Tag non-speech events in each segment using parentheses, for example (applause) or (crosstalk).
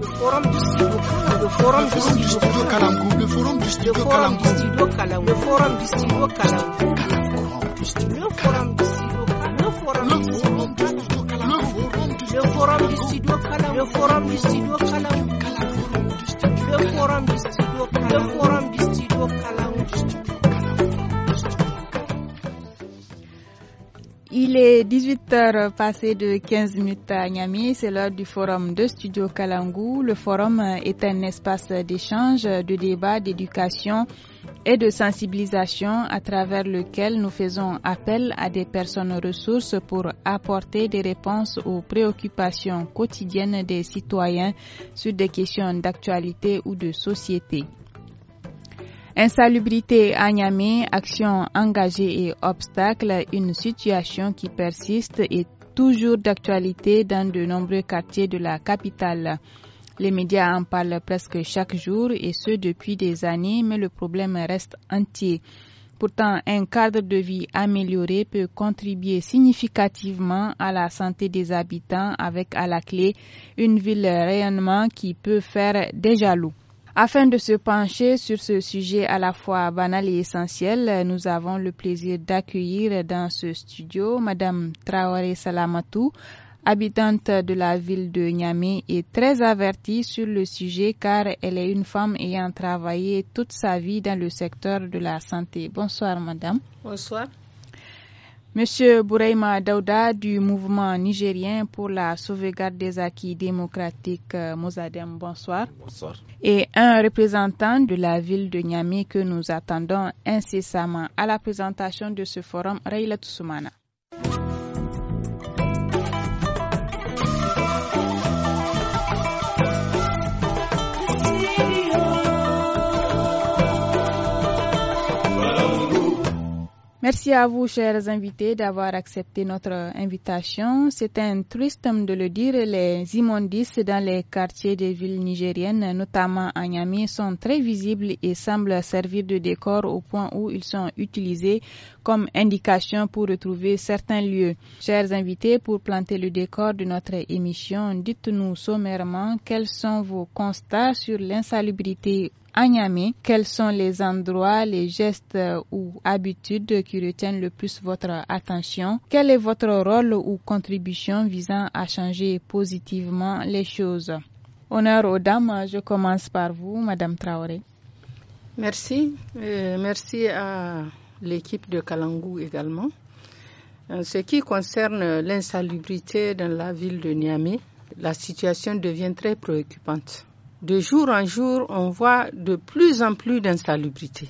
le forum du studio forum forum forum forum forum forum forum forum Il est 18 heures passées de 15 minutes à Nyami, c'est l'heure du forum de Studio Kalangou. Le forum est un espace d'échange, de débat, d'éducation et de sensibilisation à travers lequel nous faisons appel à des personnes ressources pour apporter des réponses aux préoccupations quotidiennes des citoyens sur des questions d'actualité ou de société. Insalubrité à Niamey, action engagée et obstacles, une situation qui persiste et toujours d'actualité dans de nombreux quartiers de la capitale. Les médias en parlent presque chaque jour et ce depuis des années, mais le problème reste entier. Pourtant, un cadre de vie amélioré peut contribuer significativement à la santé des habitants avec à la clé une ville rayonnement qui peut faire des jaloux. Afin de se pencher sur ce sujet à la fois banal et essentiel, nous avons le plaisir d'accueillir dans ce studio Madame Traoré Salamatou, habitante de la ville de Niamey et très avertie sur le sujet car elle est une femme ayant travaillé toute sa vie dans le secteur de la santé. Bonsoir Madame. Bonsoir. Monsieur Boureima Daouda du mouvement nigérien pour la sauvegarde des acquis démocratiques euh, Mozadem, bonsoir. Bonsoir. Et un représentant de la ville de Niamey que nous attendons incessamment à la présentation de ce forum, Raila Toussoumana. Merci à vous, chers invités, d'avoir accepté notre invitation. C'est un triste de le dire. Les immondices dans les quartiers des villes nigériennes, notamment à Niamey, sont très visibles et semblent servir de décor au point où ils sont utilisés comme indication pour retrouver certains lieux. Chers invités, pour planter le décor de notre émission, dites-nous sommairement quels sont vos constats sur l'insalubrité à Niamey, quels sont les endroits, les gestes euh, ou habitudes qui retiennent le plus votre attention Quel est votre rôle ou contribution visant à changer positivement les choses Honneur aux dames, je commence par vous, Madame Traoré. Merci. Euh, merci à l'équipe de Kalangou également. En euh, ce qui concerne l'insalubrité dans la ville de Niamey, la situation devient très préoccupante de jour en jour, on voit de plus en plus d'insalubrité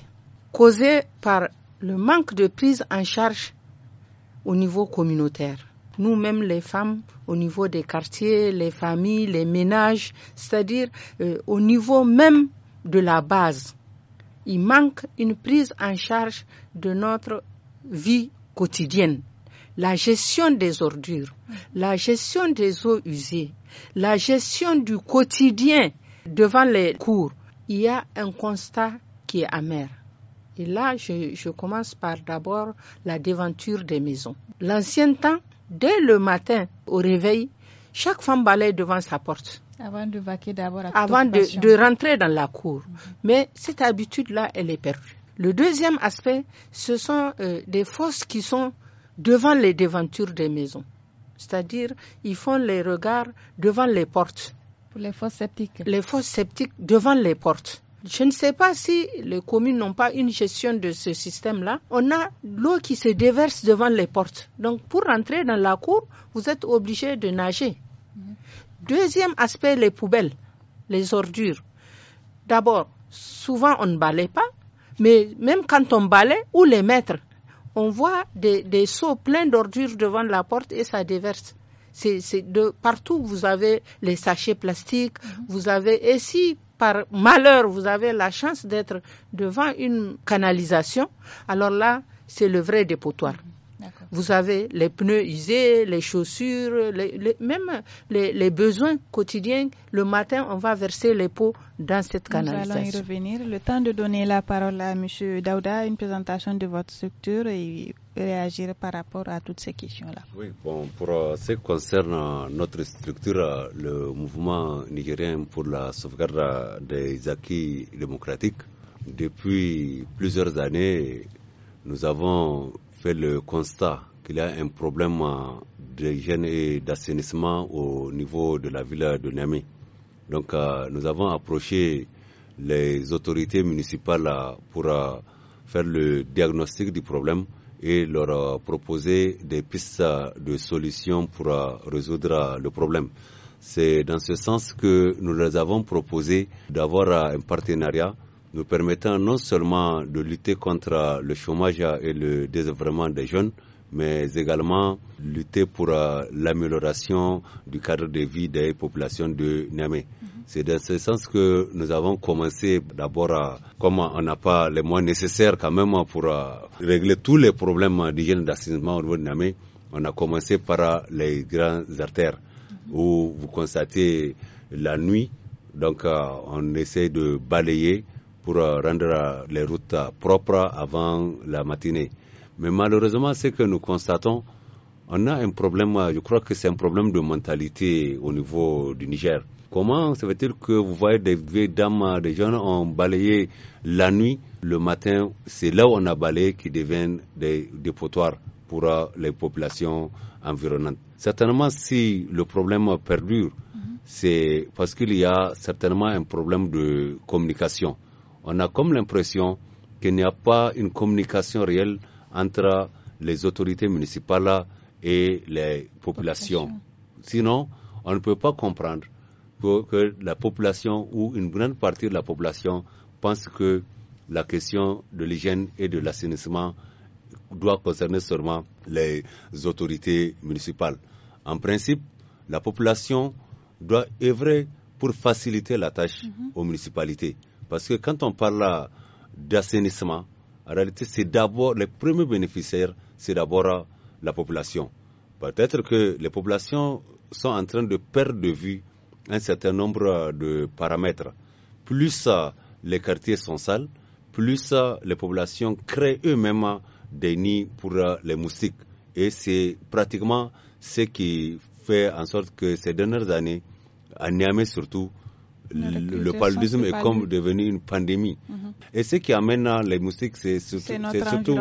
causée par le manque de prise en charge au niveau communautaire. Nous-mêmes, les femmes, au niveau des quartiers, les familles, les ménages, c'est-à-dire euh, au niveau même de la base, il manque une prise en charge de notre vie quotidienne. La gestion des ordures, la gestion des eaux usées, la gestion du quotidien devant les cours, il y a un constat qui est amer. Et là, je, commence par d'abord la déventure des maisons. L'ancien temps, dès le matin, au réveil, chaque femme balayait devant sa porte. Avant de vaquer d'abord Avant de, rentrer dans la cour. Mais cette habitude-là, elle est perdue. Le deuxième aspect, ce sont euh, des fosses qui sont devant les déventures des maisons. C'est-à-dire, ils font les regards devant les portes les fosses sceptiques. Les fosses septiques devant les portes. Je ne sais pas si les communes n'ont pas une gestion de ce système-là. On a l'eau qui se déverse devant les portes. Donc pour rentrer dans la cour, vous êtes obligé de nager. Deuxième aspect, les poubelles, les ordures. D'abord, souvent on ne balait pas, mais même quand on balait, où les mettre On voit des, des seaux pleins d'ordures devant la porte et ça déverse. C'est de partout. Vous avez les sachets plastiques, mhm. vous avez. Et si par malheur vous avez la chance d'être devant une canalisation, alors là, c'est le vrai dépotoir. Mhm. Vous avez les pneus usés, les chaussures, les, même les, besoins quotidiens. Le matin, on va verser les pots dans cette canalisation. Nous allons y revenir. Le temps de donner la parole à M. Daouda, une présentation de votre structure et réagir par rapport à toutes ces questions-là. Oui, bon, pour euh, ce qui concerne euh, notre structure, euh, le mouvement nigérien pour la sauvegarde des acquis démocratiques, depuis plusieurs années, nous avons fait le constat qu'il y a un problème euh, d'hygiène et d'assainissement au niveau de la ville de Nami. Donc euh, nous avons approché les autorités municipales euh, pour faire le diagnostic du problème et leur proposer des pistes de solutions pour résoudre le problème. C'est dans ce sens que nous leur avons proposé d'avoir un partenariat nous permettant non seulement de lutter contre le chômage et le désœuvrement des jeunes, mais également lutter pour euh, l'amélioration du cadre de vie des populations de Niamey. Mhm. C'est dans ce sens que nous avons commencé d'abord, à, euh, comme on n'a pas les moyens nécessaires quand même pour euh, régler tous les problèmes d'hygiène d'assainissement au niveau de Niamey, on a commencé par les grandes artères mhm. où vous constatez la nuit, donc on essaie de balayer pour euh, rendre euh, les routes euh, propres avant la matinée. Mais malheureusement, ce que nous constatons, on a un problème, je crois que c'est un problème de mentalité au niveau du Niger. Comment se fait-il que vous voyez des vieilles dames, des jeunes ont balayé la nuit, le matin, c'est là où on a balayé qui deviennent des dépotoirs pour les populations environnantes. Certainement, si le problème perdure, mhm. c'est parce qu'il y a certainement un problème de communication on a comme l'impression qu'il n'y a pas une communication réelle entre les autorités municipales et les populations. Sinon, on ne peut pas comprendre que, la population ou une grande partie de la population pense que la question de l'hygiène et de l'assainissement doit concerner seulement les autorités municipales. En principe, la population doit œuvrer pour faciliter la tâche mm-hmm. aux municipalités. Parce que quand on parle d'assainissement, en réalité, c'est d'abord, les premiers bénéficiaires, c'est d'abord la population. Peut-être que les populations sont en train de perdre de vue un certain nombre de paramètres. Plus euh, les quartiers sont sales, plus euh, les populations créent eux-mêmes des nids pour euh, les moustiques. Et c'est pratiquement ce qui fait en sorte que ces dernières années, à Niamey surtout, le paludisme est comme devenu une pandémie. Mm-hmm. Et ce qui amène les moustiques, c'est surtout,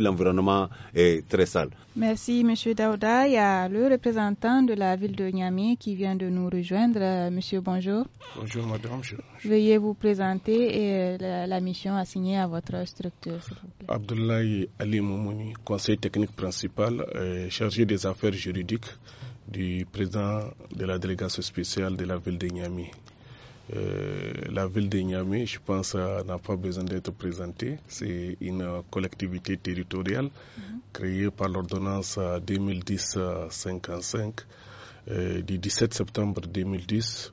l'environnement est très sale. Merci, M. Daouda. Il y a le représentant de la ville de Niamey qui vient de nous rejoindre. Monsieur, bonjour. Bonjour, madame. Veuillez vous présenter et euh, la, mission assignée à votre structure, Abdoulaye Ali Moumouni, conseil technique principal, euh, chargé des affaires juridiques du président de la délégation spéciale de la ville de Niamey. Euh, la ville de Niamey, je pense, euh, n'a pas besoin d'être présentée. C'est une euh, collectivité territoriale mm-hmm. créée par l'ordonnance 2010-55 euh, du 17 septembre 2010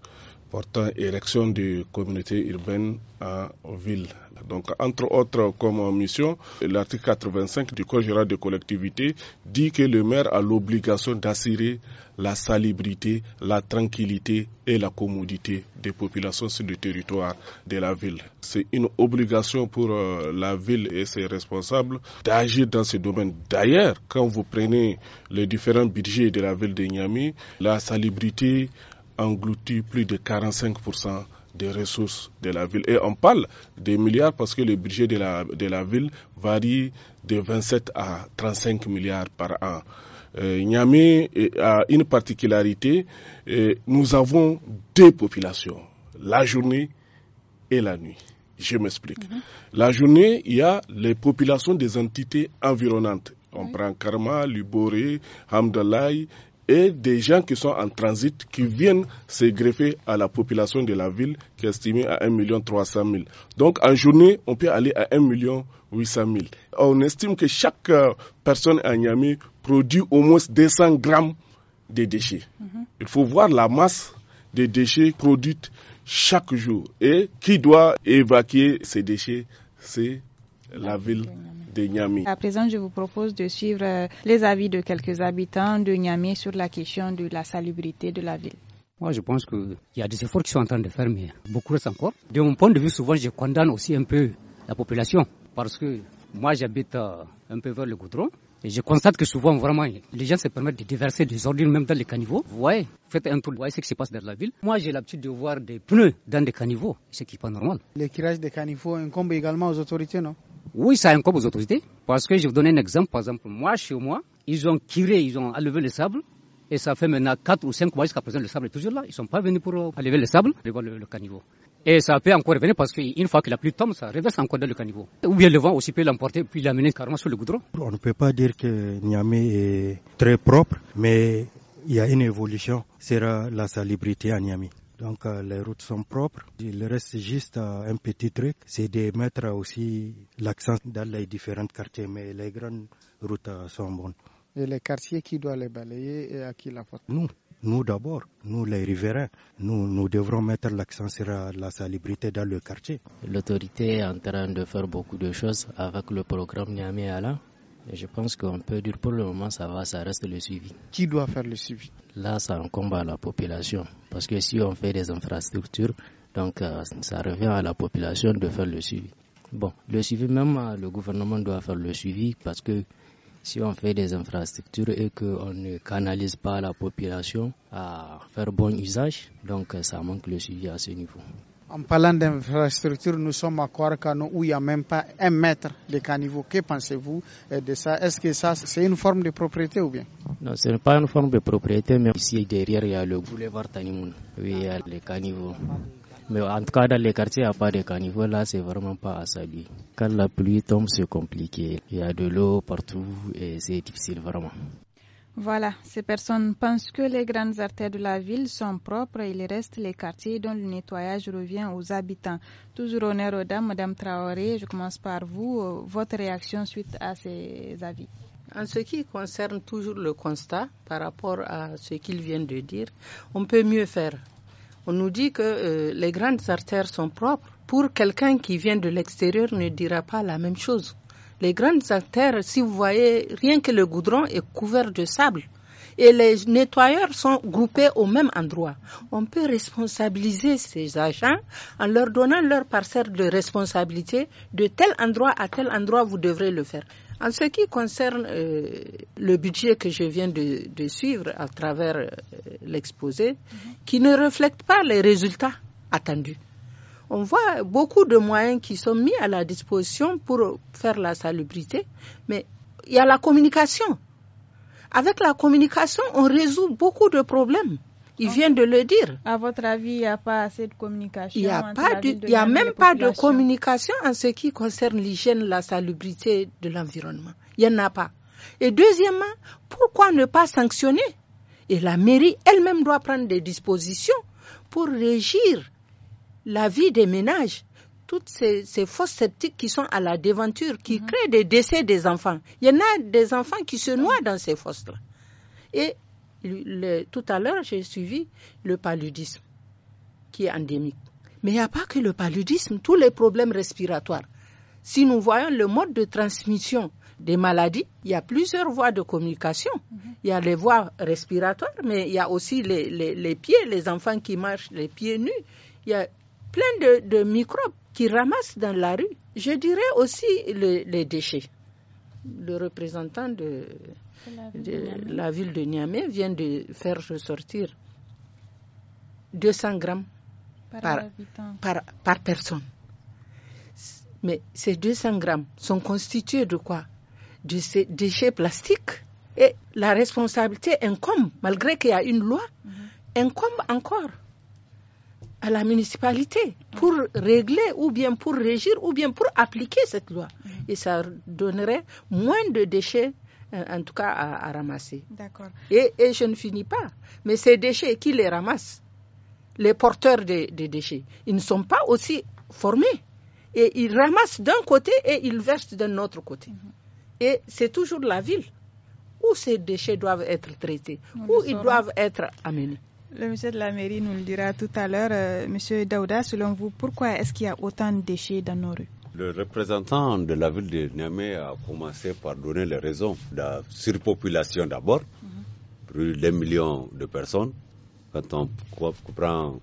portant élection de communauté urbaine en ville donc, entre autres, comme mission, l'article 85 du Code général des collectivités dit que le maire a l'obligation d'assurer la salubrité, la tranquillité et la commodité des populations sur le territoire de la ville. C'est une obligation pour euh, la ville et ses responsables d'agir dans ce domaine. D'ailleurs, quand vous prenez les différents budgets de la ville de Niamey, la salubrité engloutit plus de 45% des ressources de la ville. Et on parle des milliards parce que le budget de la, ville varie de 27 à 35 milliards par an. Euh, a une particularité, euh, nous avons deux populations, la journée et la nuit. Je m'explique. Mhm. La journée, il y a les populations des entités environnantes. On prend Karma, Luboré, Hamdallah et des gens qui sont en transit qui viennent se greffer à la population de la ville qui est estimée à 1 300 000. Donc en journée, on peut aller à 1 800 000. On estime que chaque euh, personne à Niamey produit au moins 200 grammes de déchets. Mhm. Il faut voir la masse de déchets produits chaque jour et qui doit évacuer ces déchets, c'est la ville de Niamey. À présent, je vous propose de suivre euh, les avis de quelques habitants de Niamey sur la question de la salubrité de la ville. Moi, je pense qu'il y a des efforts qui sont en train de faire, mais beaucoup restent encore. De mon point de vue, souvent, je condamne aussi un peu la population parce que moi, j'habite euh, un peu vers le goudron. Et je constate que souvent, vraiment, les gens se permettent de déverser des ordures même dans les caniveaux. Vous voyez, faites un tour, vous voyez ce qui se passe dans la ville. Moi, j'ai l'habitude de voir des pneus dans des caniveaux, ce qui n'est pas normal. Le tirage des caniveaux incombe également aux autorités, non oui, ça incombe aux autorités. Parce que je vais vous donner un exemple. Par exemple, moi, chez moi, ils ont tiré, ils ont enlevé le sable. Et ça fait maintenant 4 ou 5 mois jusqu'à présent, le sable est toujours là. Ils ne sont pas venus pour enlever le sable, voir le, caniveau. Et ça peut encore revenir parce qu'une fois que la pluie tombe, ça reverse encore dans le caniveau. Ou bien le vent aussi peut l'emporter puis l'amener carrément sur le goudron. On ne peut pas dire que Niamey est très propre, mais il y a une évolution c'est la salubrité à Niamey. Donc euh, les routes sont propres. Il reste juste euh, un petit truc, c'est de mettre aussi l'accent dans les différents quartiers, mais les grandes routes euh, sont bonnes. Et les quartiers qui doivent les balayer et à qui la faute Nous, nous d'abord, nous les riverains, nous, nous devrons mettre l'accent sur la salubrité dans le quartier. L'autorité est en train de faire beaucoup de choses avec le programme niamey Alain je pense qu'on peut dire pour le moment, ça va, ça reste le suivi. Qui doit faire le suivi Là, ça incombe à la population. Parce que si on fait des infrastructures, donc euh, ça revient à la population de faire le suivi. Bon, le suivi même, euh, le gouvernement doit faire le suivi parce que si on fait des infrastructures et qu'on ne canalise pas la population à faire bon usage, donc euh, ça manque le suivi à ce niveau. En parlant d'infrastructure, nous sommes à Kouarkano où il n'y a même pas un mètre de caniveau. Que pensez-vous euh, de ça Est-ce que ça, c'est une forme de propriété ou bien Non, ce n'est pas une forme de propriété, mais ici derrière, il y a le boulevard Tanimoun. Oui, il y a les caniveaux. Mais en tout cas, dans les quartiers, il n'y a pas de caniveau. Là, c'est vraiment pas à saluer. Quand la pluie tombe, c'est compliqué. Il y a de l'eau partout et c'est difficile vraiment. Voilà, ces personnes pensent que les grandes artères de la ville sont propres et il reste les quartiers dont le nettoyage revient aux habitants. Toujours honneur aux dames, Madame Traoré, je commence par vous. Euh, votre réaction suite à ces avis en ce qui concerne toujours le constat par rapport à ce qu'ils viennent de dire, on peut mieux faire. On nous dit que euh, les grandes artères sont propres. Pour quelqu'un qui vient de l'extérieur, ne dira pas la même chose. Les grandes acteurs, si vous voyez, rien que le goudron est couvert de sable. Et les nettoyeurs sont groupés au même endroit. On peut responsabiliser ces agents en leur donnant leur parcelle de responsabilité. De tel endroit à tel endroit, vous devrez le faire. En ce qui concerne euh, le budget que je viens de, suivre à travers euh, l'exposé, mhm. qui ne reflète pas les résultats attendus on voit beaucoup de moyens qui sont mis à la disposition pour faire la salubrité, mais il y a la communication. Avec la communication, on résout beaucoup de problèmes. Il vient de le dire. À votre avis, il n'y a pas assez de communication. Il n'y a, pas il y a même pas de communication en ce qui concerne l'hygiène, la salubrité de l'environnement. Il n'y en a pas. Et deuxièmement, pourquoi ne pas sanctionner Et la mairie elle-même doit prendre des dispositions pour régir la vie des ménages toutes ces, ces, fausses sceptiques qui sont à la déventure, qui mhm. créent des décès des enfants. Il y en a des enfants qui se noient dans ces fosses-là. Et tout à l'heure, j'ai suivi le paludisme, qui est endémique. Mais il n'y a pas que le paludisme, tous les problèmes respiratoires. Si nous voyons le mode de transmission des maladies, il y a plusieurs voies de communication. Mhm. Il y a les voies respiratoires, mais il y a aussi les, les pieds, les enfants qui marchent les pieds nus. Il y a plein de, microbes qui ramassent dans la rue. Je dirais aussi les déchets. Le représentant de, la ville de Niamey vient de faire ressortir 200 grammes par, personne. Mais ces 200 grammes sont constitués de quoi De ces déchets plastiques. Et la responsabilité incombe, malgré qu'il y a une loi, mhm. incombe encore à la municipalité pour régler ou bien pour régir ou bien pour appliquer cette loi. Mm. Et ça donnerait moins de déchets, euh, en tout cas, à, ramasser. Et, je ne finis pas. Mais ces déchets, qui les ramassent Les porteurs des, déchets. Ils ne sont pas aussi formés. Et ils ramassent d'un côté et ils versent d'un autre côté. Mm-hmm. Et c'est toujours la ville où ces déchets doivent être traités, où ils doivent être amenés. Le monsieur de la mairie nous le dira tout à l'heure. Euh, monsieur Daouda, selon vous, pourquoi est-ce qu'il y a autant de déchets dans nos rues le représentant de la ville de Niamey a commencé par donner les raisons de la surpopulation d'abord, plus mhm. d'un million de personnes. Quand on comprend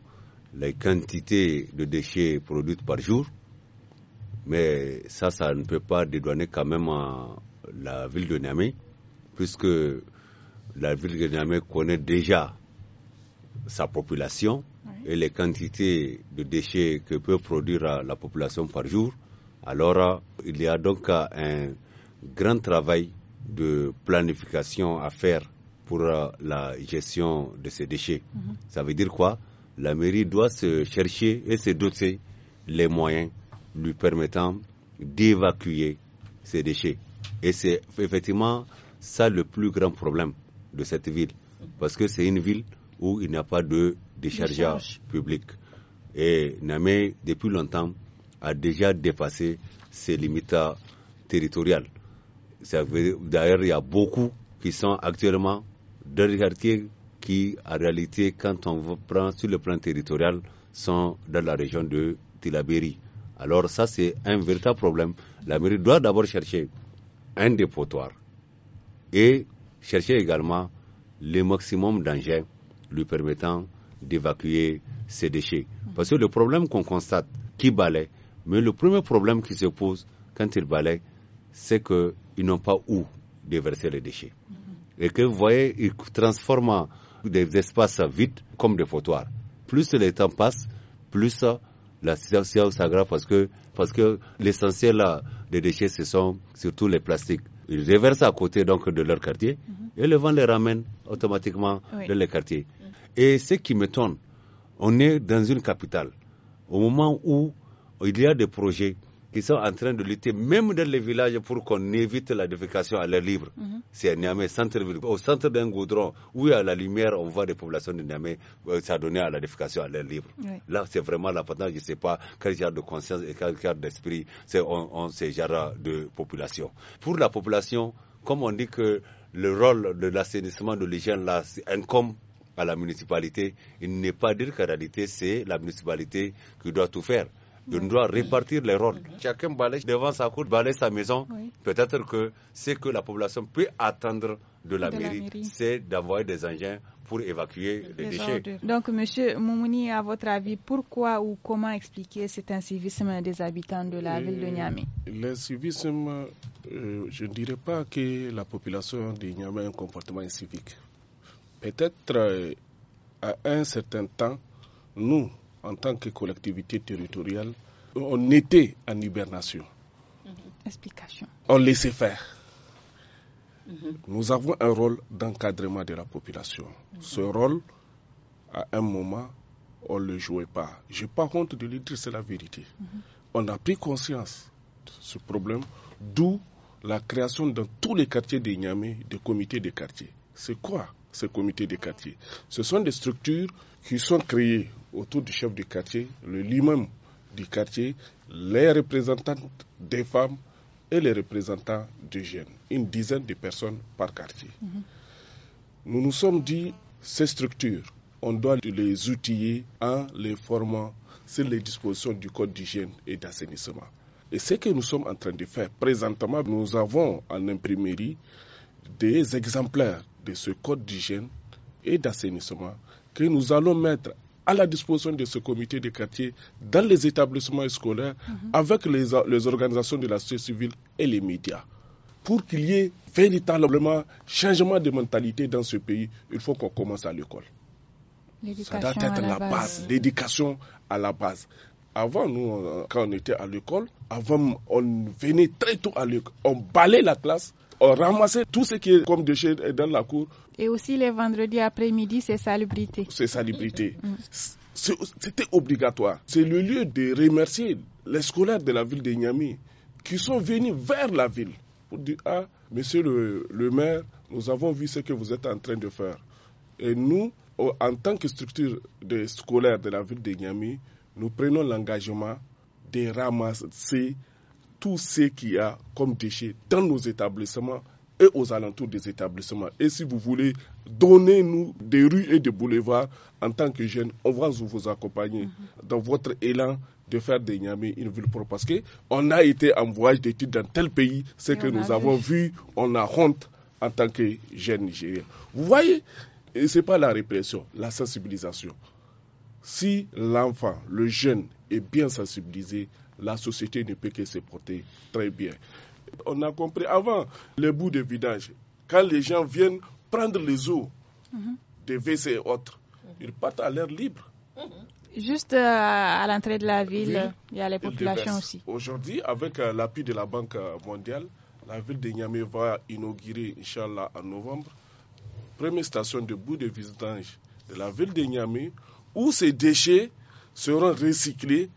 les quantités de déchets produits par jour, mais ça, ça ne peut pas dédouaner quand même euh, la ville de Niamey, puisque la ville de Niamey connaît déjà sa population et les quantités de déchets que peut produire euh, la population par jour, alors euh, il y a donc euh, un grand travail de planification à faire pour la gestion de ces déchets. Mhm. Ça veut dire quoi La mairie doit se chercher et se doter les moyens lui permettant d'évacuer ces déchets. Et c'est effectivement ça le plus grand problème de cette ville, parce que c'est une ville où il n'y a pas de décharge public. Et Namé, depuis longtemps, a déjà dépassé ses limites territoriales. D'ailleurs, il y a beaucoup qui sont actuellement dans les quartiers qui, en réalité, quand on prend sur le plan territorial, sont dans la région de Tilaberi. Alors ça, c'est un véritable problème. La mairie doit d'abord chercher un dépotoir et chercher également le maximum d'engins lui permettant d'évacuer ses déchets. Parce que le problème qu'on constate, qui balait mais le premier problème qui se pose quand ils balayent, c'est qu'ils n'ont pas où déverser les déchets. Et que vous voyez, ils transforment des espaces vides comme des fautoirs. Plus le temps passe, plus la situation s'aggrave parce que, parce que l'essentiel des déchets, ce sont surtout les plastiques. Ils déversent à côté donc de leur quartier mm-hmm. et le vent les ramène automatiquement dans les quartiers. Et ce qui m'étonne, on est dans une capitale, au moment où il y a des projets qui sont en train de lutter, même dans les villages, pour qu'on évite la défication à l'air libre. Mm-hmm. C'est à Niamey, centre-ville. Au centre d'un goudron, où à la lumière, on voit des populations de Niamey euh, s'adonner à la défication à l'air libre. Là, c'est vraiment l'important, je ne sais pas quel genre de conscience et quel genre d'esprit c'est on, on, ces genres de population. Pour la population, comme on dit que le rôle de l'assainissement de l'hygiène là c'est incombe à la municipalité. Il n'est pas dire qu'en réalité, c'est la municipalité qui doit tout faire. Elle doit répartir les rôles. Chacun balaye devant sa cour, balaye sa maison. Peut-être que ce que la population peut attendre de la, mairie, c'est d'avoir des engins pour évacuer les, déchets. Donc, M. Moumouni, à votre avis, pourquoi ou comment expliquer cet incivisme des habitants de la euh, ville de Niamey L'incivisme, euh, je ne dirais pas que la population de Niamey a un comportement incivique peut-être euh, à un certain temps, nous, en tant que collectivité territoriale, on était en hibernation. Mhm. Explication. On laissait faire. Mhm. Nous avons un rôle d'encadrement de la population. Mhm. Ce rôle, à un moment, on ne le jouait pas. Je n'ai pas honte de le dire, c'est la vérité. On a pris conscience de ce problème, d'où la création dans tous les quartiers de Niamey de comités de quartier. C'est quoi ce comité de quartier. Ce sont des structures qui sont créées autour du chef du quartier, le lui-même du quartier, les représentantes des femmes et les représentants des jeunes, une dizaine de personnes par quartier. Mhm. Nous nous sommes dit, ces structures, on doit les outiller en les formant sur les dispositions du Code d'hygiène et d'assainissement. Et ce que nous sommes en train de faire présentement, nous avons en imprimerie des exemplaires de ce code d'hygiène et d'assainissement que nous allons mettre à la disposition de ce comité de quartier dans les établissements scolaires mhm. avec les, les, organisations de la société civile et les médias. Pour qu'il y ait véritablement changement de mentalité dans ce pays, il faut qu'on commence à l'école. Ça doit être la, base, l'éducation à la base. Avant, nous, euh, quand on était à l'école, avant, on venait très tôt à l'école, on balait la classe euh, ramasser tout ce qui est comme déchets dans la cour. Et aussi les vendredis après-midi, c'est salubrité. C'est salubrité. Mm. C'était obligatoire. C'est le lieu de remercier les scolaires de la ville de Niamey qui sont venus vers la ville pour dire Ah, monsieur le, maire, nous avons vu ce que vous êtes en train de faire. Et nous, en tant que structure de scolaire de la ville de Niamey, nous prenons l'engagement de ramasser tout ce qu'il y a comme déchets dans nos établissements et aux alentours des établissements. Et si vous voulez, donnez-nous des rues et des boulevards en tant que jeunes. On va vous accompagner mhm. dans votre élan de faire de Niamey une ville propre. Parce qu'on a été en voyage d'études dans tel pays, ce que nous avons vu. on a honte en tant que jeunes Nigériens. Vous voyez, ce n'est pas la répression, la sensibilisation. Si l'enfant, le jeune est bien sensibilisé, la société ne peut que se porter très bien. On a compris avant les bouts de vidange, Quand les gens viennent prendre les eaux mhm. des WC et autres, ils partent à l'air libre. Mhm. Juste euh, à l'entrée de la ville, il y a les populations aussi. Aujourd'hui, avec euh, l'appui de la Banque euh, mondiale, la ville de Niamey va inaugurer, Inch'Allah, en novembre, première station de bout de vidange de la ville de Niamey où ces déchets seront recyclés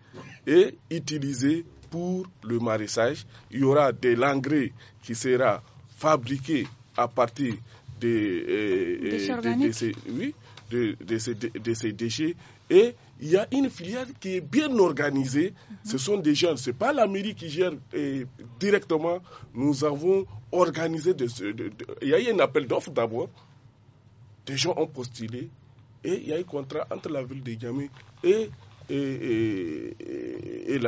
et utilisés pour le maraîchage. Il y aura de l'engrais qui sera fabriqué à partir de ces déchets et il y a une filière qui est bien organisée. Ce mhm. sont des jeunes. Ce n'est pas la mairie qui gère euh, directement. Nous avons organisé. de, il y a eu un appel d'offres d'abord. Des gens ont postulé. Et il y a eu un contrat entre la ville de Gamé et et, et,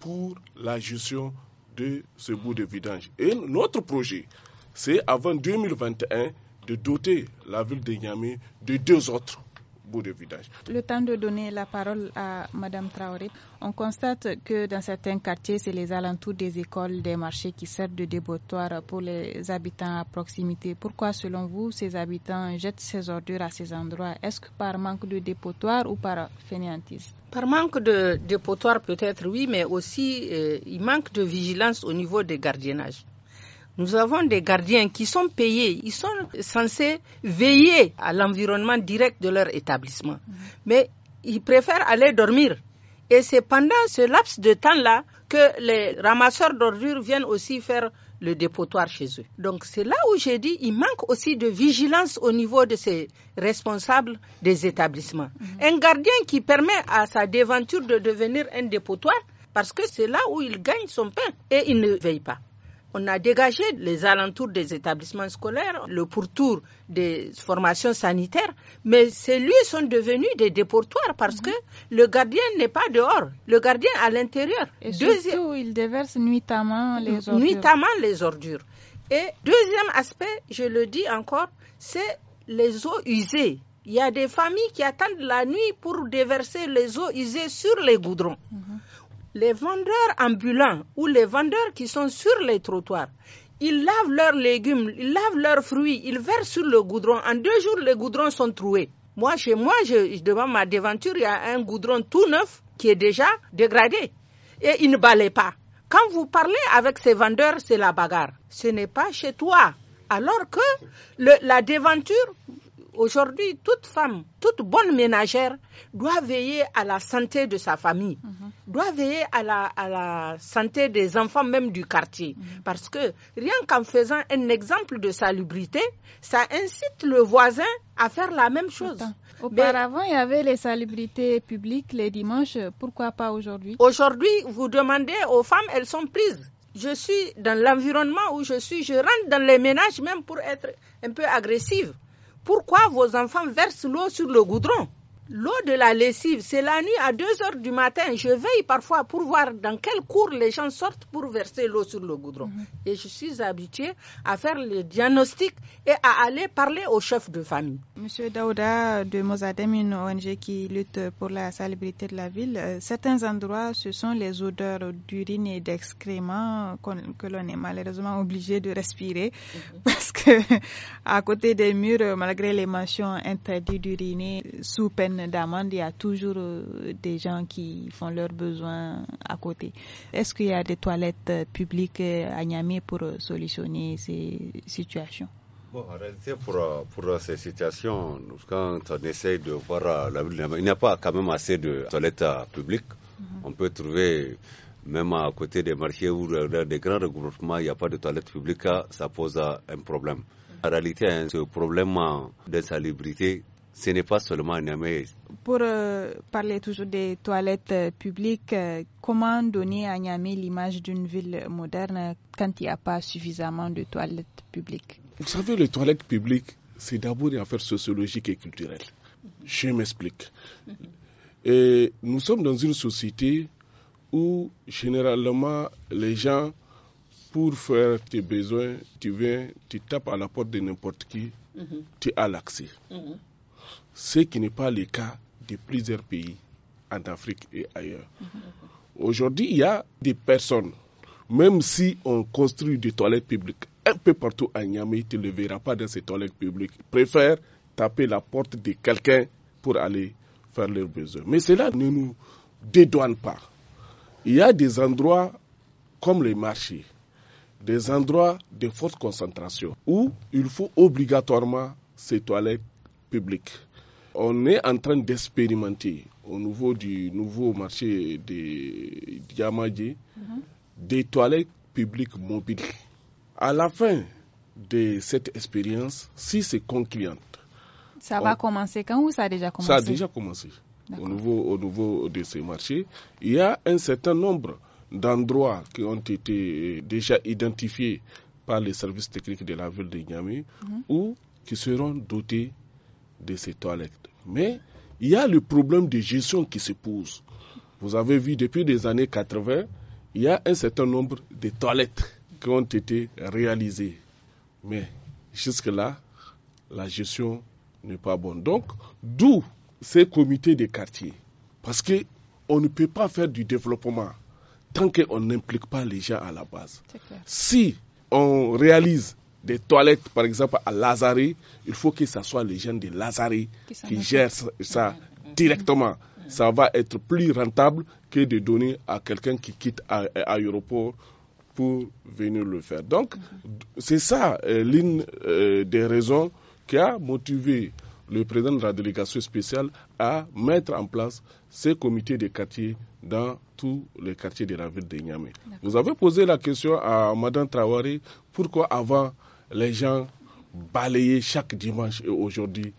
pour la gestion de ce bout de vidange. Et notre projet, c'est avant 2021 de doter la ville de Niamey de deux autres le temps de donner la parole à Madame Traoré. On constate que dans certains quartiers, c'est les alentours des écoles, des marchés qui servent de débotoir pour les habitants à proximité. Pourquoi, selon vous, ces habitants jettent ces ordures à ces endroits Est-ce que par manque de dépotoir ou par fainéantisme par manque de dépotoir peut-être oui, mais aussi euh, il manque de vigilance au niveau des gardiennages. Nous avons des gardiens qui sont payés, ils sont censés veiller à l'environnement direct de leur établissement. Mm. Mais ils préfèrent aller dormir. Et c'est pendant ce laps de temps-là que les ramasseurs d'ordures viennent aussi faire le dépotoir chez eux. Donc c'est là où j'ai dit, il manque aussi de vigilance au niveau de ces responsables des établissements. Mm. Un gardien qui permet à sa déventure de devenir un dépotoir, parce que c'est là où il gagne son pain et il ne veille pas on a dégagé les alentours des établissements scolaires, le pourtour des formations sanitaires, mais ces lieux sont devenus des déportoirs parce mhm. que le gardien n'est pas dehors, le gardien à l'intérieur. Et surtout, il déverse nuitamment les ordures. Nuitamment les ordures. Et deuxième aspect, je le dis encore, c'est les eaux usées. Il y a des familles qui attendent la nuit pour déverser les eaux usées sur les goudrons. Mhm les vendeurs ambulants ou les vendeurs qui sont sur les trottoirs, ils lavent leurs légumes, ils lavent leurs fruits, ils versent sur le goudron. En deux jours, les goudrons sont troués. Moi, chez moi, je, devant ma déventure, il y a un goudron tout neuf qui est déjà dégradé. Et il ne balait pas. Quand vous parlez avec ces vendeurs, c'est la bagarre. Ce n'est pas chez toi. Alors que le, la déventure Aujourd'hui, toute femme, toute bonne ménagère doit veiller à la santé de sa famille, mhm. doit veiller à la, la, santé des enfants même du quartier. Mhm. Parce que rien qu'en faisant un exemple de salubrité, ça incite le voisin à faire la même chose. Auparavant, il y avait les salubrités publiques les dimanches. Pourquoi pas aujourd'hui Aujourd'hui, vous demandez aux femmes, elles sont prises je suis dans l'environnement où je suis, je rentre dans les ménages même pour être un peu agressive. Pourquoi vos enfants versent l'eau sur le goudron l'eau de la lessive, c'est la nuit à 2 heures du matin. Je veille parfois pour voir dans quel cours les gens sortent pour verser l'eau sur le goudron. Mhm. Et je suis habituée à faire le diagnostic et à aller parler au chef de famille. Monsieur Daouda de Mozadem, une ONG qui lutte pour la salubrité de la ville, euh, certains endroits, ce sont les odeurs d'urine et d'excréments que l'on est malheureusement obligé de respirer mhm. (laughs) parce que à côté des murs, malgré les mentions interdites d'uriner sous peine d'amende, il y a toujours euh, des gens qui font leurs besoins à côté. Est-ce qu'il y a des toilettes euh, publiques euh, à Niamey pour solutionner ces situations Bon, en réalité, pour, pour ces situations, quand on essaye de voir la ville, il n'y a pas quand même assez de toilettes publiques. Mhm. On peut trouver même à côté des marchés ou des grands regroupements, il n'y a pas de toilettes publiques, ça pose un problème. En réalité, hein, ce problème d'insalubrité ce n'est pas seulement Niamey. Pour euh, parler toujours des toilettes euh, publiques, euh, comment donner à Niamey l'image d'une ville moderne quand il n'y a pas suffisamment de toilettes publiques Vous savez, les toilettes publiques, c'est d'abord une affaire sociologique et culturelle. Je m'explique. nous sommes dans une société où généralement les gens, pour faire tes besoins, tu viens, tu tapes à la porte de n'importe qui, mhm. tu as l'accès. Mhm ce qui n'est pas le cas de plusieurs pays en Afrique et ailleurs. Aujourd'hui, il y a des personnes, même si on construit des toilettes publiques un peu partout à Niamey, tu ne le verras pas dans ces toilettes publiques. Ils préfèrent taper la porte de quelqu'un pour aller faire leurs besoins. Mais cela ne nous dédouane pas. Il y a des endroits comme les marchés, des endroits de forte concentration où il faut obligatoirement ces toilettes publiques. On est en train d'expérimenter au niveau du nouveau marché de Yamadi mhm. des toilettes publiques mobiles. À la fin de cette expérience, si c'est concluant, ça va commencer quand ou ça a déjà commencé Ça a déjà commencé. Au niveau, au de ces marchés, il y a un certain nombre d'endroits qui ont été euh, déjà identifiés par les services techniques de la ville de Niamey mhm. ou qui seront dotés de ces toilettes. Mais il y a le problème de gestion qui se pose. Vous avez vu depuis les années 80, il y a un certain nombre de toilettes qui ont été réalisées. Mais jusque-là, la gestion n'est pas bonne. Donc, d'où ces comités de quartier. Parce qu'on ne peut pas faire du développement tant qu'on n'implique pas les gens à la base. Si on réalise des toilettes, par exemple, à Lazari, il faut que ce soit les jeunes de Lazari qui, gèrent ça directement. Ça va être plus rentable que de donner à quelqu'un qui quitte à, aéroport pour venir le faire. Donc, mm-hmm. c'est ça euh, l'une euh, des raisons qui a motivé le président de la délégation spéciale à mettre en place ces comités de quartier dans tous les quartiers de la ville de Niamey. Vous avez posé la question à Madame Traoré, pourquoi avant les gens balayaient chaque dimanche et aujourd'hui,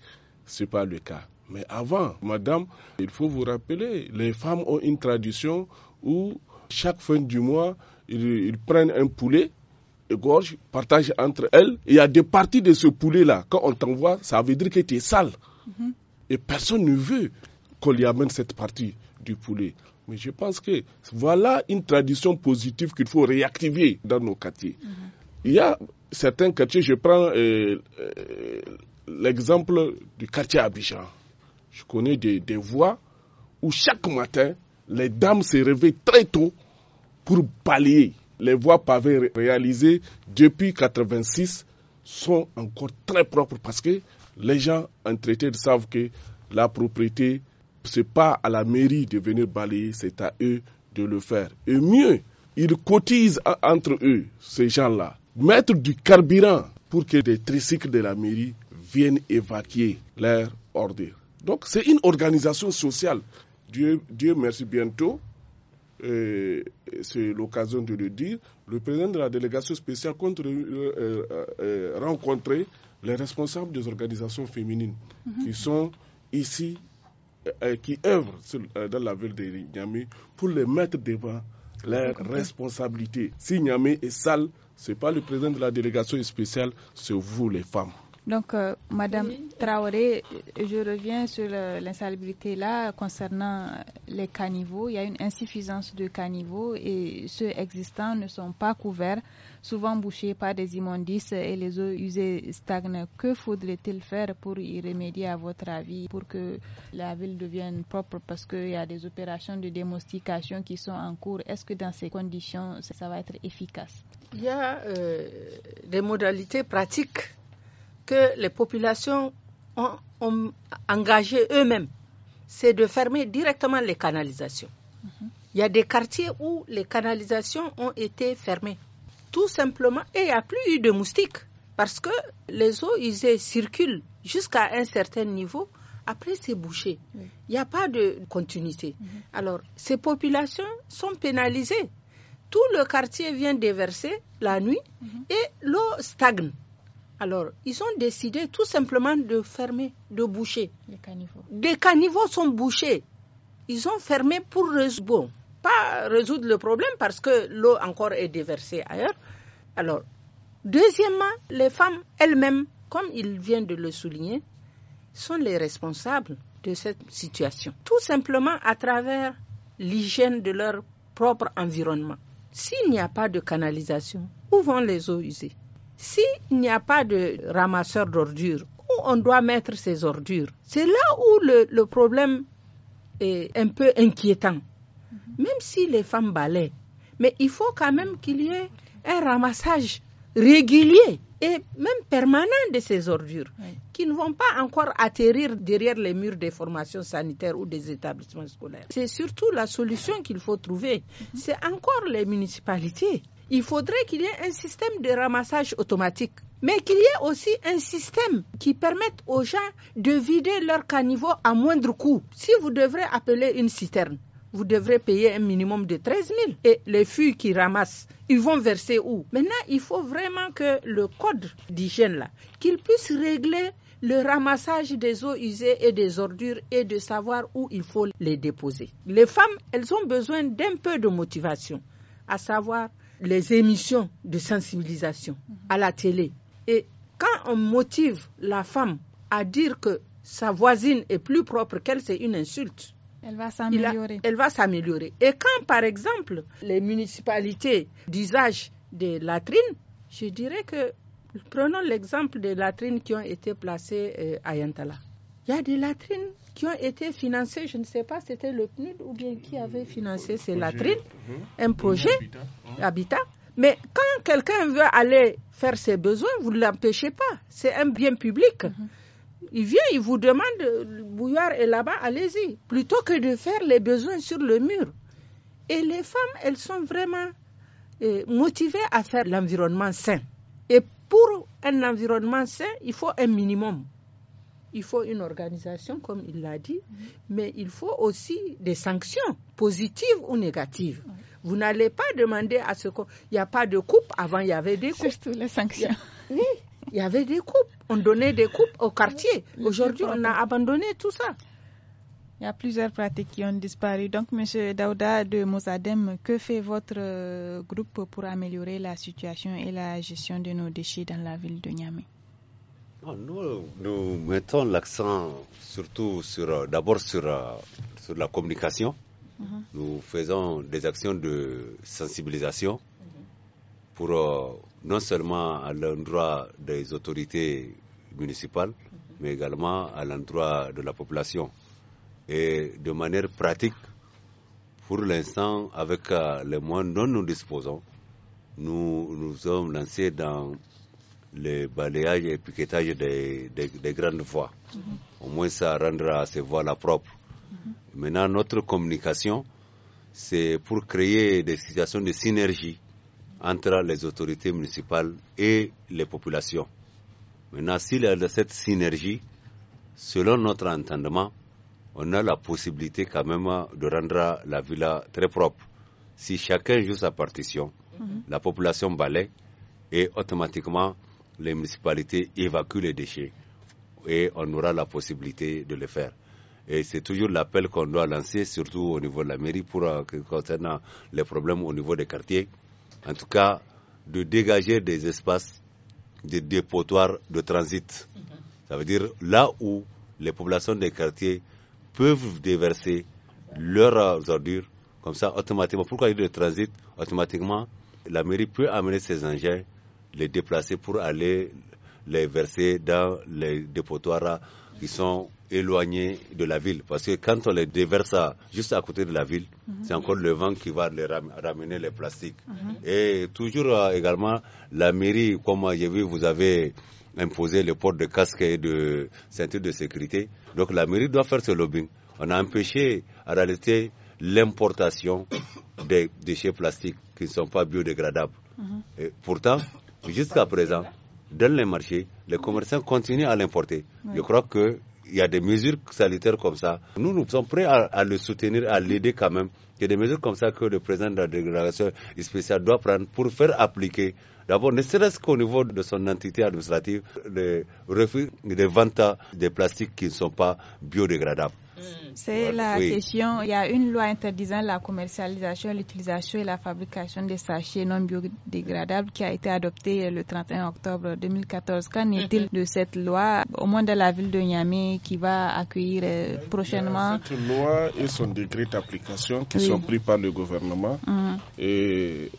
ce n'est pas le cas. Mais avant, madame, il faut vous rappeler, les femmes ont une tradition où chaque fin du mois, ils, prennent un poulet, égorgent, partagent entre elles. il y a des parties de ce poulet-là. Quand on t'envoie, ça veut dire que tu es sale. Mhm. Et personne ne veut qu'on lui amène cette partie du poulet. Mais je pense que voilà une tradition positive qu'il faut réactiver dans nos quartiers. Mhm. Il y a certains quartiers, je prends euh, euh, l'exemple du quartier Abidjan. Je connais des, voies où chaque matin, les dames se réveillent très tôt pour balayer. Les voies pavées réalisées depuis 86 sont encore très propres parce que les gens traité savent que la propriété, ce n'est pas à la mairie de venir balayer, c'est à eux de le faire. Et mieux, ils cotisent entre eux, ces gens-là mettre du carburant pour que des tricycles de la mairie viennent évacuer leur ordure. Donc c'est une organisation sociale. Dieu, merci bientôt. Euh, c'est l'occasion de le dire, le président de la délégation spéciale contre, euh, euh, rencontrer les responsables des organisations féminines mhm. qui sont ici, qui œuvrent dans la ville de Niamey pour les mettre devant leurs responsabilités. Si Niamey est sale, ce n'est pas le président de la délégation spéciale, c'est vous les femmes. Donc, euh, Madame Traoré, je reviens sur euh, l'insalubrité là concernant les caniveaux. Il y a une insuffisance de caniveaux et ceux existants ne sont pas couverts, souvent bouchés par des immondices et les eaux usées stagnent. Que faudrait-il faire pour y remédier à votre avis, pour que la ville devienne propre parce qu'il y a des opérations de démostication qui sont en cours. Est-ce que dans ces conditions, ça, va être efficace Il y a euh, des modalités pratiques que les populations ont, engagé eux-mêmes, c'est de fermer directement les canalisations. Il y a des quartiers où les canalisations ont été fermées. Tout simplement, et il n'y a plus eu de moustiques parce que les eaux usées circulent jusqu'à un certain niveau. Après, c'est bouché. Il n'y a pas de continuité. Mhm. Alors, ces populations sont pénalisées. Tout le quartier vient déverser la nuit mhm. et l'eau stagne. Alors, ils ont décidé tout simplement de fermer, de boucher. Les caniveaux. Des caniveaux sont bouchés. Ils ont fermé pour résoudre, pas résoudre le problème parce que l'eau encore est déversée ailleurs. Alors, deuxièmement, les femmes elles-mêmes, comme il vient de le souligner, sont les responsables de cette situation. Tout simplement à travers l'hygiène de leur propre environnement. S'il n'y a pas de canalisation, où vont les eaux usées s'il n'y a pas de ramasseur d'ordures, où on doit mettre ces ordures C'est là où le, problème est un peu inquiétant. Mhm. Même si les femmes balaient, mais il faut quand même qu'il y ait un ramassage régulier et même permanent de ces ordures qui ne vont pas encore atterrir derrière les murs des formations sanitaires ou des établissements scolaires. C'est surtout la solution qu'il faut trouver. Mhm. C'est encore les municipalités il faudrait qu'il y ait un système de ramassage automatique, mais qu'il y ait aussi un système qui permette aux gens de vider leurs caniveau à moindre coût. Si vous devrez appeler une citerne, vous devrez payer un minimum de 13 000. Et les fûts qui ramassent, ils vont verser où Maintenant, il faut vraiment que le code d'hygiène, là, qu'il puisse régler le ramassage des eaux usées et des ordures et de savoir où il faut les déposer. Les femmes, elles ont besoin d'un peu de motivation, à savoir les émissions de sensibilisation mhm. à la télé. Et quand on motive la femme à dire que sa voisine est plus propre qu'elle, c'est une insulte. Elle va s'améliorer. Elle va s'améliorer. Et quand, par exemple, les municipalités d'usage des latrines, je dirais que, prenons l'exemple des latrines qui ont été placées euh, à Yantala. Il y a des latrines qui ont été financées, je ne sais pas, c'était le PNUD ou bien qui avait financé ces latrines, uh-huh. un projet, habitat. Mais quand quelqu'un veut aller faire ses besoins, vous ne l'empêchez pas. C'est un bien public. Uh-huh. Il vient, il vous demande, le bouillard est là-bas, allez-y. Plutôt que de faire les besoins sur le mur. Et les femmes, elles sont vraiment euh, motivées à faire l'environnement sain. Et pour un environnement sain, il faut un minimum il faut une organisation, comme il l'a dit, mais il faut aussi des sanctions, positives ou négatives. Vous n'allez pas demander à ce qu'il n'y a pas de coupe. Avant, il y avait des coupes. Surtout les sanctions. Oui, il y avait des coupes. On donnait des coupes au quartier. Aujourd'hui, on a abandonné tout ça. Il y a plusieurs pratiques qui ont disparu. Donc, M. Daouda de Mozadem, que fait votre euh, groupe pour améliorer la situation et la gestion de nos déchets dans la ville de Niamey Oh, nous, mettons l'accent surtout sur, euh, d'abord euh, sur, la communication. Mhm. Nous faisons des actions de sensibilisation pour euh, non seulement à l'endroit des autorités municipales, mhm. mais également à l'endroit de la population. Et de manière pratique, pour l'instant, avec les moyens dont nous disposons, nous nous sommes lancés dans le balayage et piquetage des, grandes voies. Mhm. Au moins, ça rendra ces voies-là propres. Mhm. Maintenant, notre communication, c'est pour créer des situations de synergie entre les autorités municipales et les populations. Maintenant, s'il y a cette synergie, selon notre entendement, on a la possibilité quand même de rendre la ville très propre. Si chacun joue sa partition, mhm. la population balaye et automatiquement les municipalités évacuent les déchets et on aura la possibilité de le faire. Et c'est toujours l'appel qu'on doit lancer, surtout au niveau de la mairie, pour euh, concernant les problèmes au niveau des quartiers. En tout cas, de dégager des espaces de dépotoirs de transit. Ça veut dire là où les populations des quartiers peuvent déverser leurs euh, ordures, comme ça, automatiquement, pourquoi il y a de transit Automatiquement, la mairie peut amener ses engins les déplacer pour aller les verser dans les dépotoirs qui sont éloignés de la ville. Parce que quand on les déverse juste à côté de la ville, mhm. c'est encore le vent qui va les ramener les plastiques. Mhm. Et toujours euh, également, la mairie, comme j'ai vu, vous avez imposé le port de casque et de ceinture de sécurité. Donc la mairie doit faire ce lobbying. On a empêché, en réalité, l'importation des déchets plastiques qui ne sont pas biodégradables. Mhm. Et pourtant, Jusqu'à présent, dans les marchés, les commerçants continuent à l'importer. Je crois que il y a des mesures sanitaires comme ça. Nous, nous sommes prêts à, le soutenir, à l'aider quand même. Il y a des mesures comme ça que le président de la dégradation spéciale doit prendre pour faire appliquer, d'abord, ne serait-ce qu'au niveau de son entité administrative, le refus des ventes des plastiques qui ne sont pas biodégradables. Mm. C'est la question. Il y a une loi interdisant la commercialisation, l'utilisation et la fabrication des sachets non biodégradables qui a été adoptée le 31 octobre 2014. Qu'en mm-hmm. est-il de cette loi, au moins de la ville de Niamey, qui va accueillir euh, euh, prochainement Cette loi et son décret d'application qui sont pris par le gouvernement. Mm. Et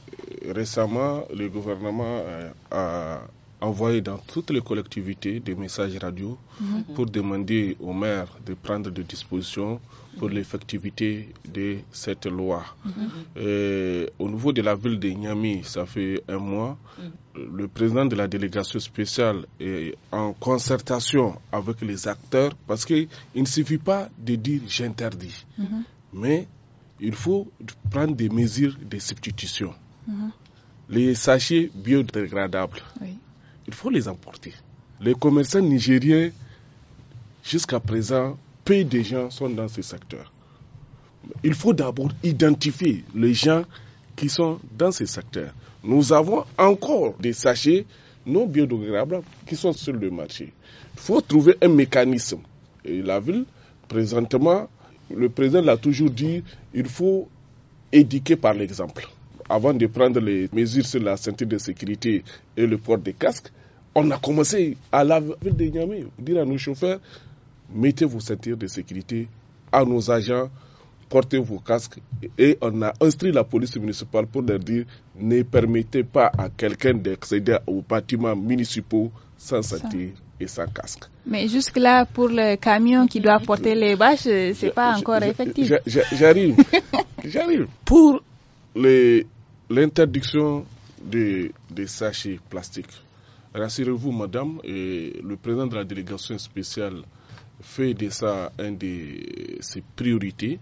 récemment, le gouvernement euh, a envoyer dans toutes les collectivités des messages radio mhm. pour demander aux maires de prendre des dispositions pour mhm. l'effectivité de cette loi. Mhm. Euh, au niveau de la ville de Niami, ça fait un mois, le président de la délégation spéciale est en concertation avec les acteurs parce qu'il ne suffit pas de dire j'interdis, mais il faut prendre des mesures de substitution. Les sachets biodégradables, il faut les emporter. Les commerçants nigériens, jusqu'à présent, peu de gens sont dans ce secteur. Il faut d'abord identifier les gens qui sont dans ce secteur. Nous avons encore des sachets non biodégradables qui sont sur le marché. Il faut trouver un mécanisme. Et la ville, présentement, le président l'a toujours dit, il faut éduquer par l'exemple. Avant de prendre les mesures sur la santé de sécurité et le port des casques, on a commencé à laver ville dire à nos chauffeurs, mettez vos ceintures de sécurité, à nos agents, portez vos casques. Et on a instruit la police municipale pour leur dire, ne permettez pas à quelqu'un d'accéder aux bâtiments municipaux sans ceinture et sans casque. Mais jusque-là, pour le camion qui doit porter les bâches, ce n'est pas encore effectif. J'arrive. (laughs) J'arrive. Pour l'interdiction des, des sachets plastiques, Rassurez-vous, madame, le président de la délégation spéciale fait de ça une de ses priorités.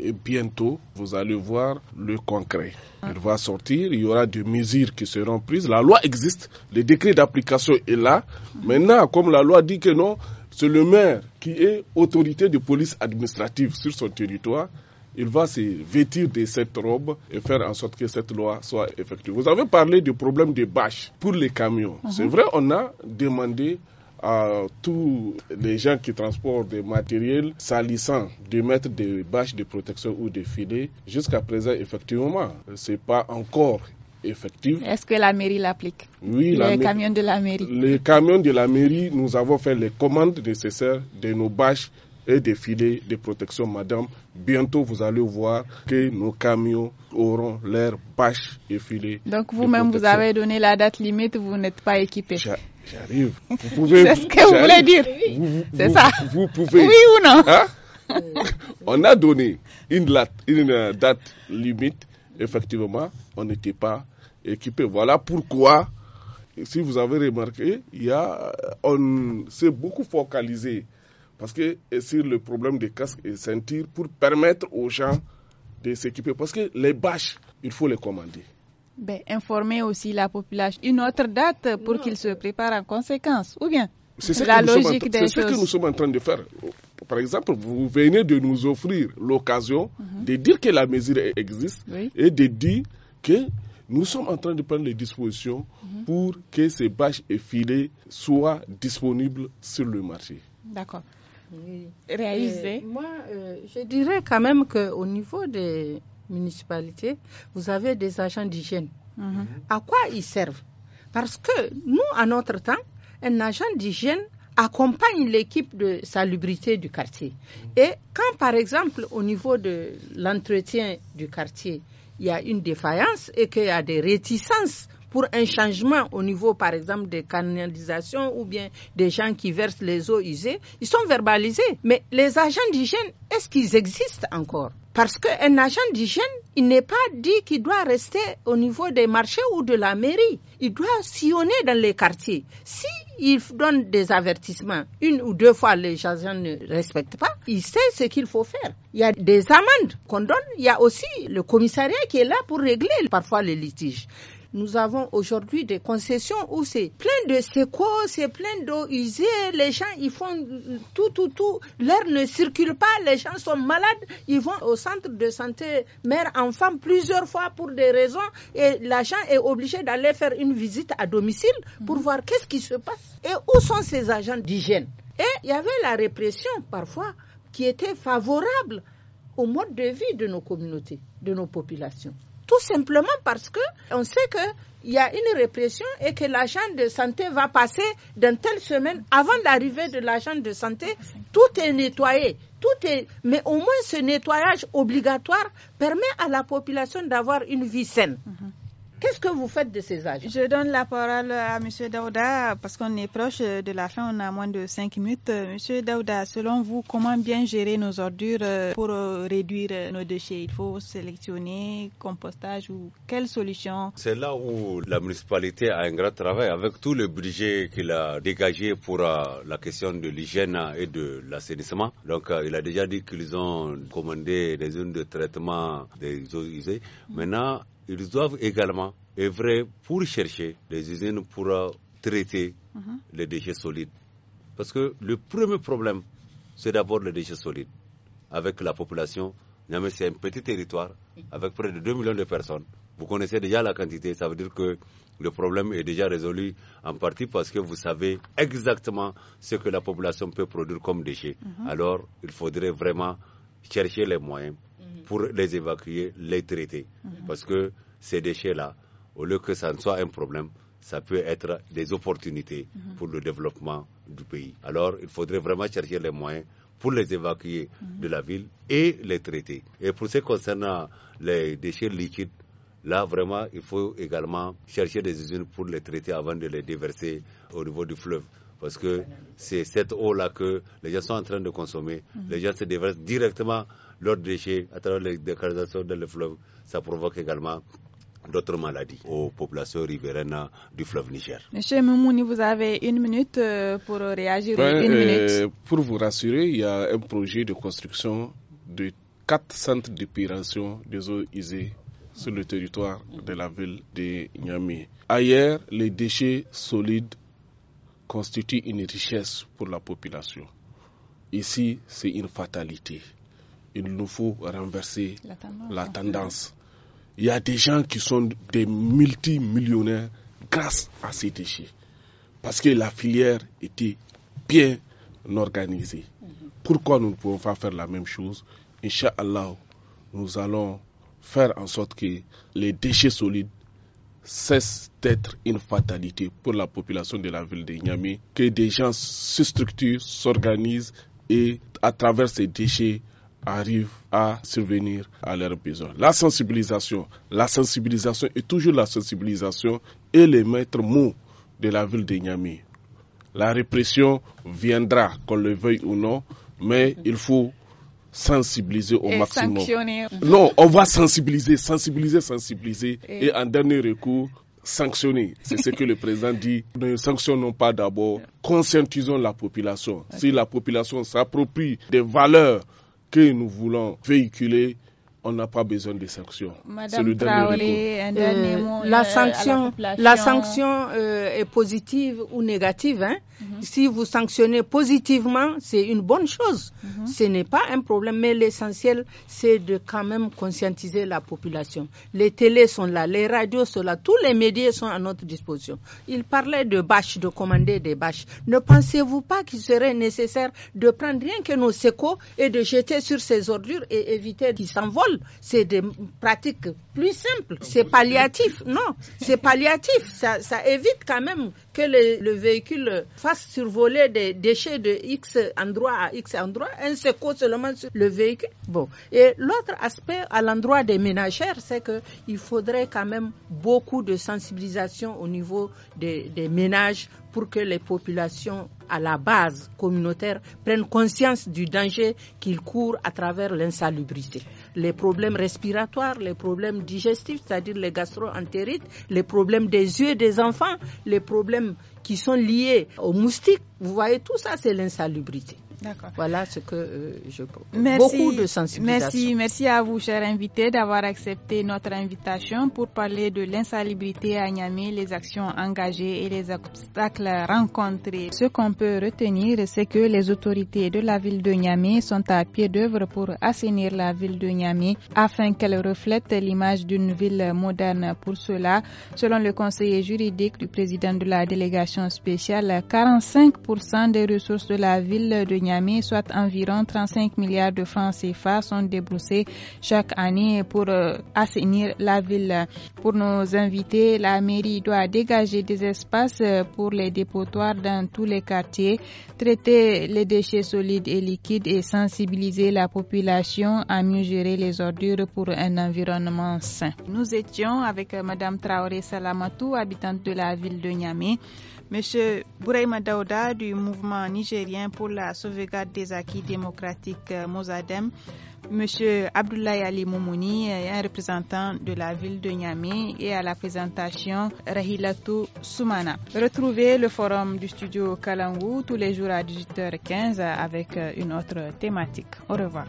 Et bientôt, vous allez voir le concret. Elle va sortir, il y aura des mesures qui seront prises. La loi existe, le décret d'application est là. Maintenant, comme la loi dit que non, c'est le maire qui est autorité de police administrative sur son territoire il va se vêtir de cette robe et faire en sorte que cette loi soit effective. Vous avez parlé du problème des bâches pour les camions. Mhm. C'est vrai, on a demandé à tous les gens qui transportent des matériels salissants de mettre des bâches de protection ou des filets. Jusqu'à présent, effectivement, ce n'est pas encore effectif. Est-ce que la mairie l'applique Oui, les camions de la mairie. Les camions de la mairie, nous avons fait les commandes nécessaires de nos bâches et des filets de protection, madame. Bientôt, vous allez voir que nos camions auront l'air pâche et filet. Donc, vous-même, vous avez donné la date limite, vous n'êtes pas équipé. J'arrive. (laughs) Vous pouvez. C'est ce que vous voulez dire. C'est ça. Vous pouvez. Oui ou non hein? (laughs) On a donné une, date, une euh, date limite. Effectivement, on n'était pas équipé. Voilà pourquoi si vous avez remarqué, il y on s'est beaucoup focalisé parce que sur le problème des casques et ceintures pour permettre aux gens de s'équiper. Parce que les bâches, il faut les commander. Ben, informer aussi la population. Une autre date pour qu'ils se préparent en conséquence, ou bien c'est ce, ce que nous sommes en train de faire. Par exemple, vous venez de nous offrir l'occasion mhm. de dire que la mesure existe et de dire que nous sommes en train de prendre les dispositions mhm. pour que ces bâches et filets soient disponibles sur le marché. D'accord réalisé euh, moi, euh, je dirais quand même qu'au niveau des municipalités, vous avez des agents d'hygiène. Mhm. À quoi ils servent Parce que nous, à notre temps, un agent d'hygiène accompagne l'équipe de salubrité du quartier. Mhm. Et quand, par exemple, au niveau de l'entretien du quartier, il y a une défaillance et qu'il y a des réticences pour un changement au niveau, par exemple, des canalisations ou bien des gens qui versent les eaux usées, ils sont verbalisés. Mais les agents d'hygiène, est-ce qu'ils existent encore Parce qu'un agent d'hygiène, il n'est pas dit qu'il doit rester au niveau des marchés ou de la mairie. Il doit sillonner dans les quartiers. Si il donne des avertissements. Une ou deux fois, les gens ne respectent pas. Il sait ce qu'il faut faire. Il y a des amendes qu'on donne. Il y a aussi le commissariat qui est là pour régler parfois les litiges. Nous avons aujourd'hui des concessions où c'est plein de séquoies, c'est plein d'eau usée. Les gens, ils font tout, tout, tout. L'air ne circule pas. Les gens sont malades. Ils vont au centre de santé mère-enfant plusieurs fois pour des raisons. Et l'agent est obligé d'aller faire une visite à domicile pour mhm. voir qu'est-ce qui se passe. Et où sont ces agents d'hygiène Et il y avait la répression parfois qui était favorable au mode de vie de nos communautés, de nos populations tout simplement parce que on sait que il y a une répression et que l'agent de santé va passer dans telle semaine avant l'arrivée de l'agent de santé. Tout est nettoyé, tout est, mais au moins ce nettoyage obligatoire permet à la population d'avoir une vie saine. Mhm. Qu'est-ce que vous faites de ces agents Je donne la parole à M. Daouda parce qu'on est proche de la fin, on a moins de 5 minutes. Euh, M. Daouda, selon vous, comment bien gérer nos ordures euh, pour euh, réduire nos déchets Il faut sélectionner compostage ou quelle solution C'est là où la municipalité a un grand travail avec tout le budget qu'il a dégagé pour la question de l'hygiène et de l'assainissement. Donc il a déjà dit qu'ils ont commandé des zones de traitement des eaux usées. Maintenant, ils doivent également œuvrer pour chercher des usines pour euh, traiter mhm. les déchets solides. Parce que le premier problème, c'est d'abord les déchets solides. Avec la population, c'est un petit territoire avec près de 2 millions de personnes. Vous connaissez déjà la quantité, ça veut dire que le problème est déjà résolu en partie parce que vous savez exactement ce que la population peut produire comme déchets. Mhm. Alors, il faudrait vraiment chercher les moyens Mhm. pour les évacuer, les traiter. Mhm. Parce que ces déchets-là, au lieu que ça ne soit un problème, ça peut être des opportunités mhm. pour le développement du pays. Alors, il faudrait vraiment chercher les moyens pour les évacuer de la ville et les traiter. Et pour ce qui concerne les déchets liquides, là, vraiment, il faut également chercher des usines pour les traiter avant de les déverser au niveau du fleuve parce que c'est cette eau-là que les gens sont en train de consommer. Mhm. Les gens se déversent directement leurs déchets à travers les décalisations dans le fleuve. Ça provoque également d'autres maladies aux populations riveraines du fleuve Niger. Monsieur Moumouni, vous avez une minute euh, pour réagir. Ben, euh, pour vous rassurer, il y a un projet de construction de quatre centres d'épuration des eaux usées sur le territoire de la ville de Niamey. Ailleurs, les déchets solides constitue une richesse pour la population. Ici, c'est une fatalité. Il nous faut renverser la hein. tendance. Il y a des gens qui sont des multimillionnaires grâce à ces déchets. Parce que la filière était bien organisée. Mhm. Pourquoi nous ne pouvons pas faire la même chose Inch'Allah, nous allons faire en sorte que les déchets solides cesse d'être une fatalité pour la population de la ville de Niamey, que des gens se structurent, s'organisent et à travers ces déchets arrivent à survenir à leurs besoins. La sensibilisation, la sensibilisation est toujours la sensibilisation et les maître mot de la ville de Niamey. La répression viendra, qu'on le veuille ou non, mais il faut sensibiliser au maximum. Non, on va sensibiliser, sensibiliser, sensibiliser. Et, en dernier recours, sanctionner. C'est ce que le président dit. Ne sanctionnons pas d'abord, conscientisons la population. Si la population s'approprie des valeurs que nous voulons véhiculer, on n'a pas besoin de sanctions. Madame dernier euh, euh, la, sanction, la, sanction, euh, est positive ou négative. Hein? Mm. Mhm. Si vous sanctionnez positivement, c'est une bonne chose. Mhm. Ce n'est pas un problème, mais l'essentiel, c'est de quand même conscientiser la population. Les télés sont là, les radios sont là, tous les médias sont à notre disposition. Il parlait de bâches, de commander des bâches. Ne pensez-vous pas qu'il serait nécessaire de prendre rien que nos sécos et de jeter sur ces ordures et éviter qu'ils s'envolent C'est des pratiques plus simples. C'est palliatif. Non, c'est palliatif. Ça, ça évite quand même le, véhicule fasse survoler des déchets de X endroit à X endroit, un secours seulement le véhicule. Et l'autre aspect à l'endroit des ménagères, c'est qu'il faudrait quand même beaucoup de sensibilisation au niveau des ménages pour que les populations à la base communautaire prennent conscience du danger qu'ils courent à travers l'insalubrité les problèmes respiratoires, les problèmes digestifs, c'est-à-dire les gastro-entérites, les problèmes des yeux des enfants, les problèmes qui sont liés aux moustiques. Vous voyez, tout ça, c'est l'insalubrité. Voilà ce que euh, je merci, beaucoup de sensibilisation. Merci, merci à vous, chers invités, d'avoir accepté notre invitation pour parler de l'insalubrité à Niamey, les actions engagées et les obstacles rencontrés. Ce qu'on peut retenir, c'est que les autorités de la ville de Niamey sont à pied d'œuvre pour assainir la ville de Niamey afin qu'elle reflète l'image d'une ville moderne. Pour cela, selon le conseiller juridique du président de la délégation spéciale, 45% des ressources de la ville de Niamey soit environ 35 milliards de francs CFA, sont débroussés chaque année pour euh, assainir la ville. Pour nos invités, la mairie doit dégager des espaces euh, pour les dépotoirs dans tous les quartiers, traiter les déchets solides et liquides et sensibiliser la population à mieux gérer les ordures pour un environnement sain. Nous étions avec euh, Madame Traoré Salamatou, habitante de la ville de Niamey, Monsieur Bouraïma Daouda du mouvement nigérien pour la sauvegarde Garde des acquis démocratiques euh, Mozadem, M. Abdoulaye Ali Moumouni, euh, un représentant de la ville de Niamey, et à la présentation Rahilatou Soumana. Retrouvez le forum du studio Kalangou tous les jours à 18h15 avec euh, une autre thématique. Au revoir.